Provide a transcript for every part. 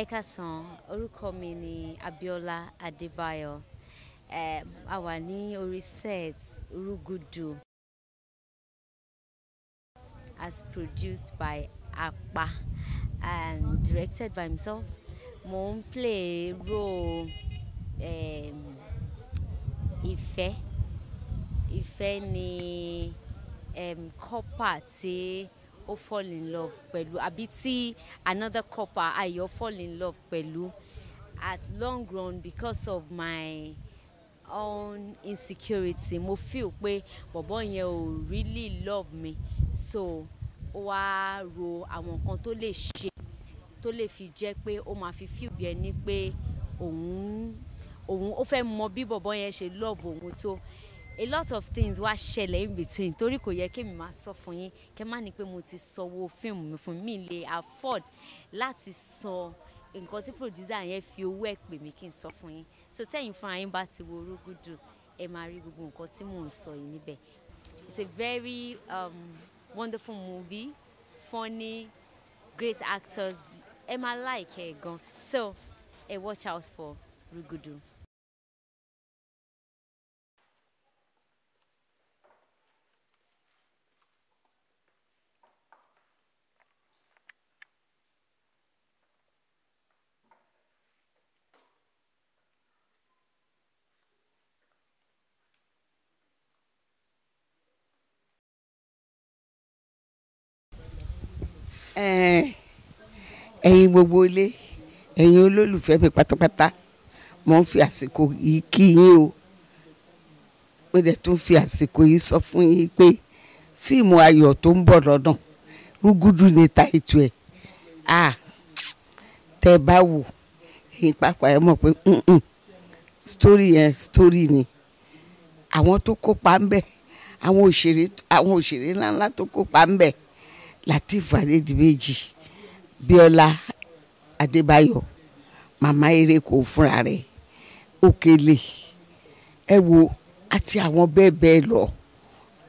Ẹ káàsán, orúkọ mi ni abiola Adébáyọ̀. Eh, a wà ní orí set Rúgúdù as produced by Apa and um, directed by himself. Mo ń play role um, ife Ìfẹ́ ni um, kọ́pà tí ó fall in love pẹ̀lú àbí tí another couple ayọ̀ fall in love pẹ̀lú at long run because of my own insecurity mo feel pé bọ̀bọ̀ yẹn ò really love me so ó wá ro àwọn nǹkan tó lè ṣe tó lè fi jẹ́ pé ó máa fi feel bí ẹni pé òun òun ó fẹ́ mọ bí bọ̀bọ̀ yẹn ṣe love òun tó a lot of things wá ṣẹlẹ̀ in between torí kò yẹ kémi máa sọ fún yín kẹ́ má ní pé mo ti sanwó fíìmù mi fún mi lè afford láti san nǹkan tí producer yẹn fi owó ẹ̀ pè mí kí n sọ fún yín so tẹ́yìn fúnra yín bá ti wo Orogudu ẹ máa rí gbogbo nǹkan tí mò ń sọ yìí níbẹ̀ it's a very um, wonderful movie funny great actors ẹ máa like ẹ gan so ẹ watch out for Orogudu. ẹ̀yin gbogbo ilé ẹ̀yin olólùfẹ́ mi pátápátá mo ń fi àsìkò yìí kí yín o mo dẹ̀ tún fi àsìkò yìí sọ fún yín pé fíìmù ayọ̀ tó ń bọ̀ lọ́nà rúgúdù ní ta ètò ẹ̀ à tẹ́ ẹ bá wò ẹ̀yin pápá ẹ mọ̀ pé story yẹn story ni àwọn tó kópa ń bẹ̀ àwọn òṣèré àwọn òṣèré ńláńlá tó kópa ń bẹ̀ lateef adédìméjì bíọ́lá adébáyọ̀ màmá ereko fúnra rẹ̀ òkèlè ẹ wo àti àwọn bẹ́ẹ̀ bẹ́ẹ̀ lọ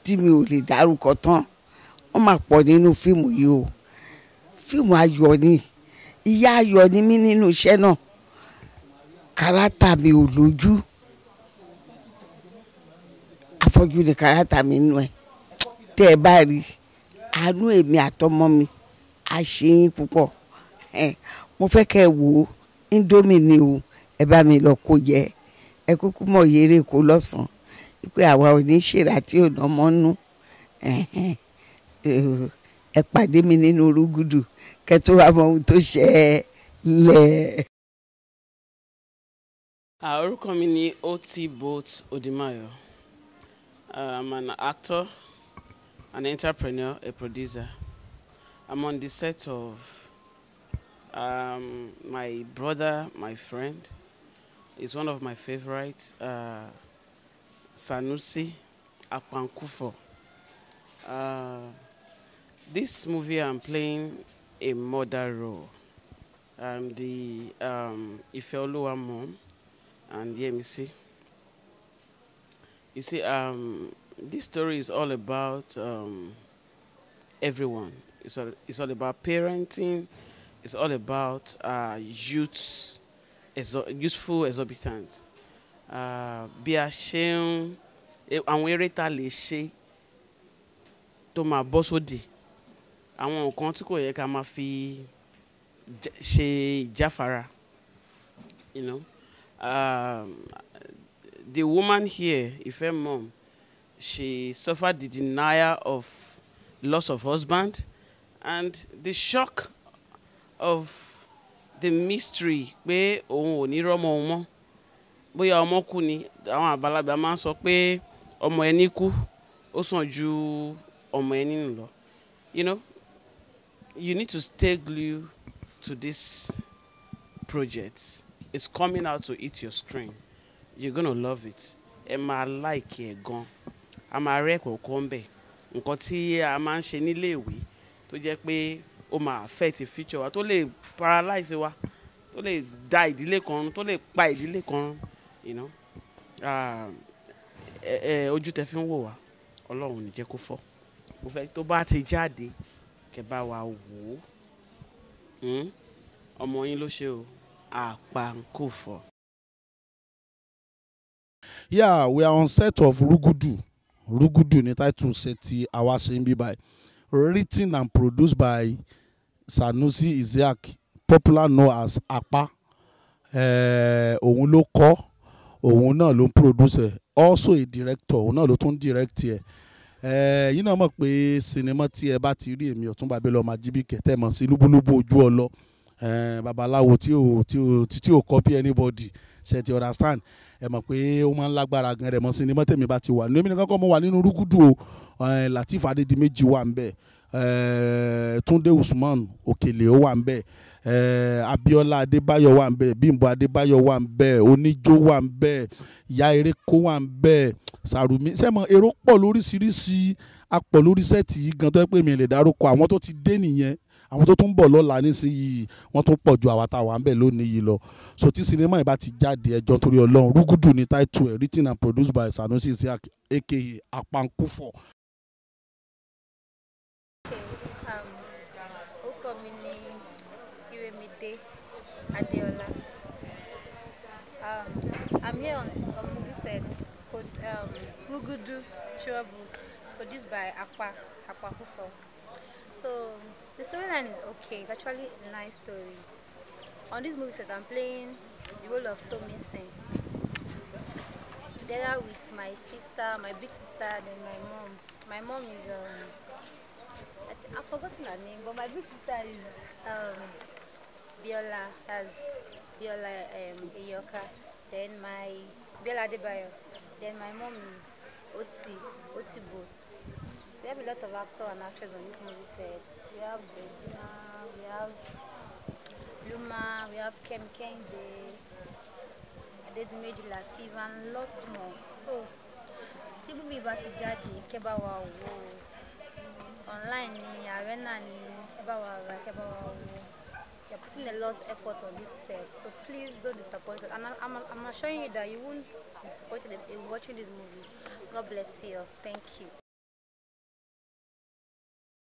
tí mi ò lè dárúkọ tán wọ́n máa pọ̀ nínú fíìmù yìí o fíìmù ayọ̀ ni ìyá ayọ̀ ni mí nínú iṣẹ́ náà kárátà mi ò lójú afọ́jú ni kárátà mi nù ẹ tẹ́ ẹ bá rí i àánú èmi àtọmọ mi á ṣe yín mo fẹ́ kẹ́ wò ó indomie ni o ẹ bá mi lọ kó yẹ ẹ kúkú mọ̀ yéré kó lọ́sàn-án pé àwa ò ní ṣèrà tí ò ná mọ́ nú ẹ pàdé mi nínú rúgùdù kẹ́ tó wá mọ ohun tó ṣẹlẹ̀. orúkọ mi ni ot boat odimayo i'm an actor an entrepreneur, a producer. I'm on the set of um, my brother, my friend. He's one of my favorites, uh, Sanusi Akwankufo. Uh, this movie I'm playing a mother role. I'm the um, Ifeoluwa mom and the MC. You see, um, this story is all about um, everyone. It's all, it's all about parenting. It's all about uh, youth, exo youthful exorbitants. Uh, bí a ṣe ń e, àwọn eré ta lè ṣe tó máa bọ́ sódì. Àwọn nǹkan tí kò yẹ ká máa fi ṣe ìjáfara. You know? Um, the woman here, Ife mom, she suffered the denial of loss of husband and the shock of the mystery pé òun ò ní rọ́mọ òun mọ́ bóyá ọmọ kú ni àwọn àgbàlagbà máa ń sọ pé ọmọ ẹni kú ó sàn ju ọmọ ẹni nù lọ you know you need to stay glued to this project it's coming out to eat your screen you're gonna love it ẹ máa like ẹ gan a máa rẹ́ kọ̀ọ̀kan bẹ̀ nǹkan tí a máa ń ṣe níléèwé tó jẹ́ pé ó máa affect future wa tó lè paralyze wa tó lè da ìdílé kan tó lè pa ìdílé kan run ojú tẹ fi ń wò wá ọlọ́run ní jẹ́ kó fọ́ mo fẹ́ tó bá ti jáde kẹ wa wò ó hmm? ọmọ yín ló ṣe o àpàǹkò fọ. Yeah, we are on set of Rugudu. Rugudu ní title ṣe ti àwa ṣe ń bí báyìí written and produced by Sanusi Isaac, popular known as Apa eh, òun ló kọ òun náà ló ń producer also a director òun náà ló tún direct ẹ eh, yìí náà mọ̀ pé sinimá tí ẹ bá ti rí èmi Ọ̀túnba Bello Ajibike tẹ́ mọ̀ sí lúbúlúbú ojú ọlọ eh, babaláwo tí ò tí ò tí ò copy anybody ṣe ti understand ẹ mọ̀ pé ó máa ń lágbára gan rẹ̀ mọ́ sí ni mọ́tẹ́mi bá ti wà nínú èmi nìkan kọ́ mo wà nínú rúkúdù o Latif Adédìméjì wà ń bẹ̀ Usman Òkèlè ó wà ń bẹ̀ Abíọ́lá Adébáyọ̀ wà ń bẹ̀ Bímbọ́ Adébáyọ̀ wà ń bẹ̀ Oníjó wà ń bẹ̀ Ìyá Erékó wà ń bẹ̀ Sàrùmí sẹ́mọ̀ èrò pọ̀ lóríṣiríṣi apọ̀ lórí sẹ́ẹ̀tì yìí gan tó yẹ pé mi lè dárúkọ àwọn tó ti dé nìyẹn àwọn tó tún bọ̀ lọ́la nísìnyìí wọ́n tó pọ̀ ju àwa tá a wà ń bẹ̀ lónìí yìí lọ so tí sinimá yìí bá ti jáde ẹjọ́ torí ọlọ́run rúgùdù ní táìtù ẹ̀ written and produced by Sanusi Isiaq aka Apankufo. Um, orúkọ mi ni Iremide Adeola um, I'm here on a movie set called um, Rugudu Trouble produced by Apa Apankufo so. The storyline is okay. It's actually a nice story. On this movie set, I'm playing the role of Tommy Sen. Together with my sister, my big sister, and my mom. My mom is, um, I have forgotten her name, but my big sister is um, Biola, as Biola um, Iyoka. Then my, Biola Debayo. Then my mom is Otsi, Otsi Boat. We have a lot of actors and actresses on this movie set. we have Bedina, we have Luma, we have Kem Kende, Adedmeji Latif, and lots more. So, tí bíbí bá ti jáde kẹ́ online ni arena ni kẹ́ bá wa ra kẹ́ bá putting a lot of effort on this set, so please don't disappoint us. And I'm, I'm assuring you that you won't be disappointed in watching this movie. God bless you. Thank you.